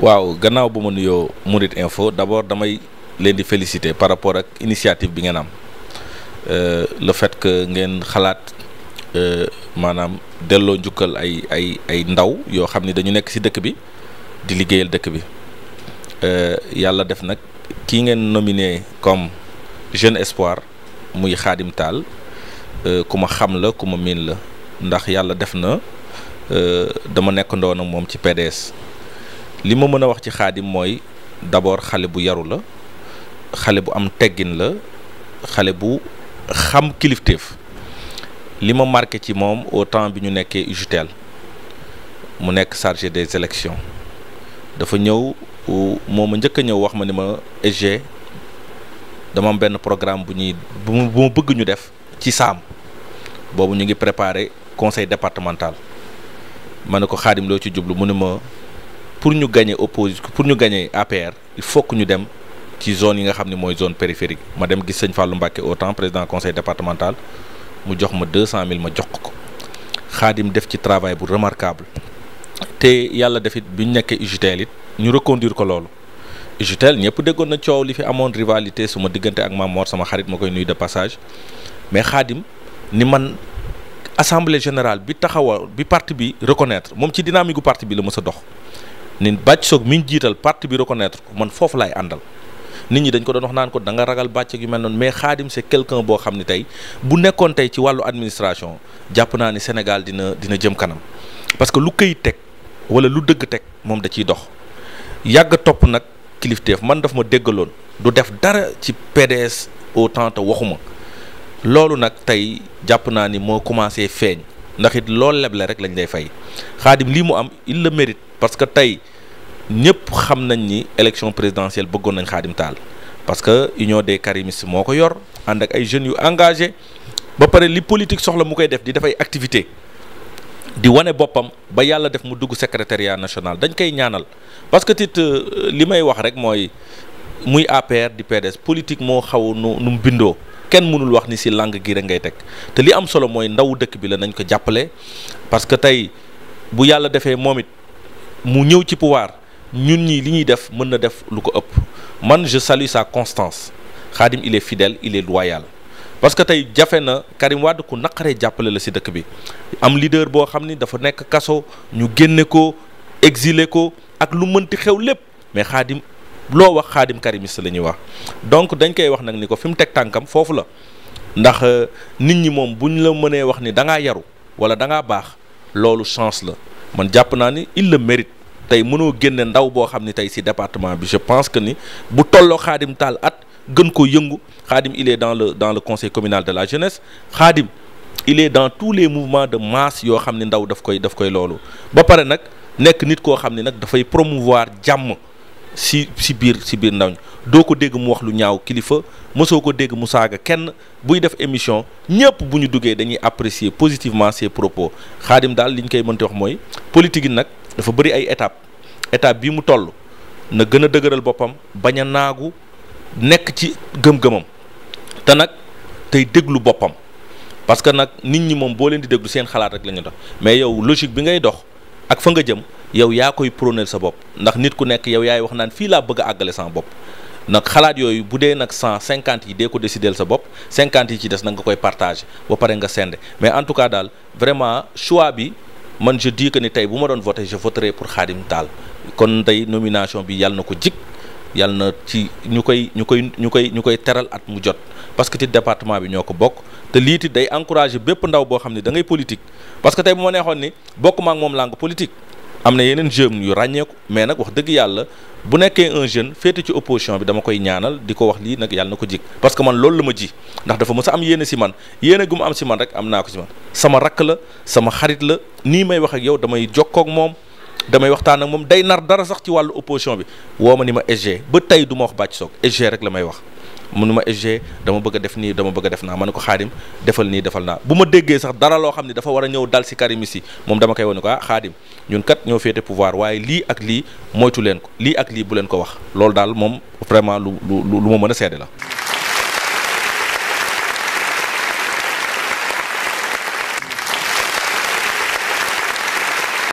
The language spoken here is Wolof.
waaw gannaaw bu ma nuyoo Mouride Info d'abord damay leen di féliciter par rapport ak initiative bi ngeen am euh, le fait que ngeen xalaat euh, maanaam delloo njukkal ay ay ay ndaw yoo xam ni dañu nekk ci dëkk bi di liggéeyal dëkk bi euh, yàlla def nag kii ngeen nominé comme jeune espoir muy Khadim Tall ku ma xam la ku ma miin la ndax yàlla def na dama nekk ndoon ak moom ci PDS. li ma mën a wax ci xaadim mooy d'abord xale bu yaru la xale bu am teggin la xale bu xam kilifteef li ma marqué ci moom au temps bi ñu nekkee UJTL mu nekk chargé des élections dafa ñëw moo ma njëkk a ñëw wax ma ni ma EG dama benn programme bu ñuy bu ma bëgg ñu def ci saam boobu ñu ngi préparer conseil départemental ma ne ko xaadim loo ci jublu mu ne ma pour ñu gagner opposition pour ñu gagner APR il faut que ñu dem ci zone yi nga xam ne mooy zone périphérique ma dem gis sëñ Fallou Mbacké autant président conseil départemental mu jox ma 200000 ma jox ko xaadim def ci travail bu remarquable te yàlla def it bi ñu nekkee UGTEL it ñu reconduire ko loolu UGTEL ñëpp déggoon na coow li fi amoon rivalité su ma diggante ak Mamor sama xarit ma koy nuyu de passage mais xaadim ni man assemblée générale bi taxawa bi parti bi reconnaître moom ci dynamique gu parti bi la mës a dox ni bàcc soog mi ñu jiital parti bi reconnaître ko man foofu laay àndal nit ñi dañ ko doon wax naan ko danga ragal bàcc yu mel noonu mais xaadim c'est quelqu'un boo xam ne tey bu nekkoon tey ci wàllu administration jàpp naa ni Sénégal dina dina jëm kanam parce que lu këyit teg wala lu dëgg teg moom da ciy dox yàgg topp nag kilifteef man daf ma déggaloon du def dara ci PDS au temps te waxuma loolu nag tey jàpp naa ni moo commencé feeñ ndax it loolu leble rek lañ lay fay. xaadim lii mu am il mérite parce que tey ñëpp xam nañ ni élection présidentielle bëggoon nañ xaadim taal parce que union des karimistes moo ko yor ànd ak ay jeunes yu engagé ba pare li politique soxla mu koy def di dafay activité di wane boppam ba yàlla def mu dugg secrétariat national dañ koy ñaanal parce que tit euh, li may wax rek mooy muy APR di PDS politique moo xaw nu nu mu bindoo kenn mënul wax ni si langue gi rek ngay teg te li am solo mooy ndaw dëkk bi la nañ ko jàppale bu yàlla defee moom it mu ñëw ci pouvoir ñun ñi li ñuy def mën na def lu ko ëpp man je salue sa constance Khadim il est fidèle il est loyal parce que tey jafe na Karim Wade ku naqaree jàppale la si dëkk bi am leader boo xam ni dafa nekk kaso ñu génne ko exile ko ak lu mënti xew lépp mais xaadim loo wax xaadim karimiste la ñuy wax donc dañ koy wax nag ni ko fi mu teg tànkam foofu la ndax euh, nit ñi moom buñ la mënee wax ni da ngaa yaru wala da baax loolu chance la man jàpp naa ni il mérite tey mënoo génne ndaw boo xam ni tey si département bi je pense que ni bu tolloo xaadim Tall at gën ko yëngu xaadim il dans le dans le conseil communal de la jeunesse xaadim il est dans tous les mouvements de masse yoo xam ni ndaw daf koy daf koy loolu ba pare nag nekk nit koo xam ni nag dafay promouvoir jàmm si si biir si biir ndaw ñi doo ko dégg mu wax lu ñaaw kilifa mosoo ko dégg mu saaga kenn buy def émission ñëpp bu ñu duggee dañuy apprécier positivement ses propos xaadim daal li ñu koy mënti wax mooy politique yi nag dafa bari ay étape étape bii mu toll na gën a dëgëral boppam bañ a naagu nekk ci gëm-gëmam te nag tey déglu boppam parce que nag nit ñi moom boo leen di déglu seen xalaat rek la ñu tax mais yow logique bi ngay dox. ak fa nga jëm yow yaa koy prôner sa bopp ndax nit ku nekk yow yaay wax naan fii laa bëgg a àggale sama bopp nag xalaat yooyu bu dee nag cent cinquante yi dee ko décider sa bopp cinquante yi ci des na nga koy partager ba pare nga sende mais en tout cas daal vraiment choix bi man je dis que ni tey bu ma doon voter je voterai pour Khadim Tall kon tey nomination bi yal na ko jik yàlla na ci ñu koy ñu koy ñu koy ñu koy teral at mu jot parce que ti département bi ñoo ko bokk te lii ti day encourager bépp ndaw boo xam ne dangay ngay politique parce que tey bu ma neexoon ni bokk maak moom langue politique am na yeneen jeunes yu ràññeeku mais nag wax dëgg yàlla bu nekkee un jeune féete ci opposition bi dama koy ñaanal di ko wax lii nag yàlla na ko jig parce que man loolu la ma ji ndax dafa mës a am yéene si man yéene gu am si man rek am naa ko si man sama rakk la sama xarit la nii may wax yow damay jokkoo ak moom damay waxtaan ak moom day nar dara sax ci wàllu bi woo ma ni ma SG ba tey du ma wax bàcc soog SG rek la may wax mënuma SG dama bëgg def nii dama bëgg a def naa ma ne ko xaadim defal nii defal naa bu ma déggee sax dara loo xam ne dafa war a ñëw dal si Karim si moom dama koy wane ko ah xaadim ñun kat ñoo féete pouvoir waaye lii ak lii moytu leen ko lii ak lii bu leen ko wax loolu daal moom vraiment lu lu lu ma mën a seede la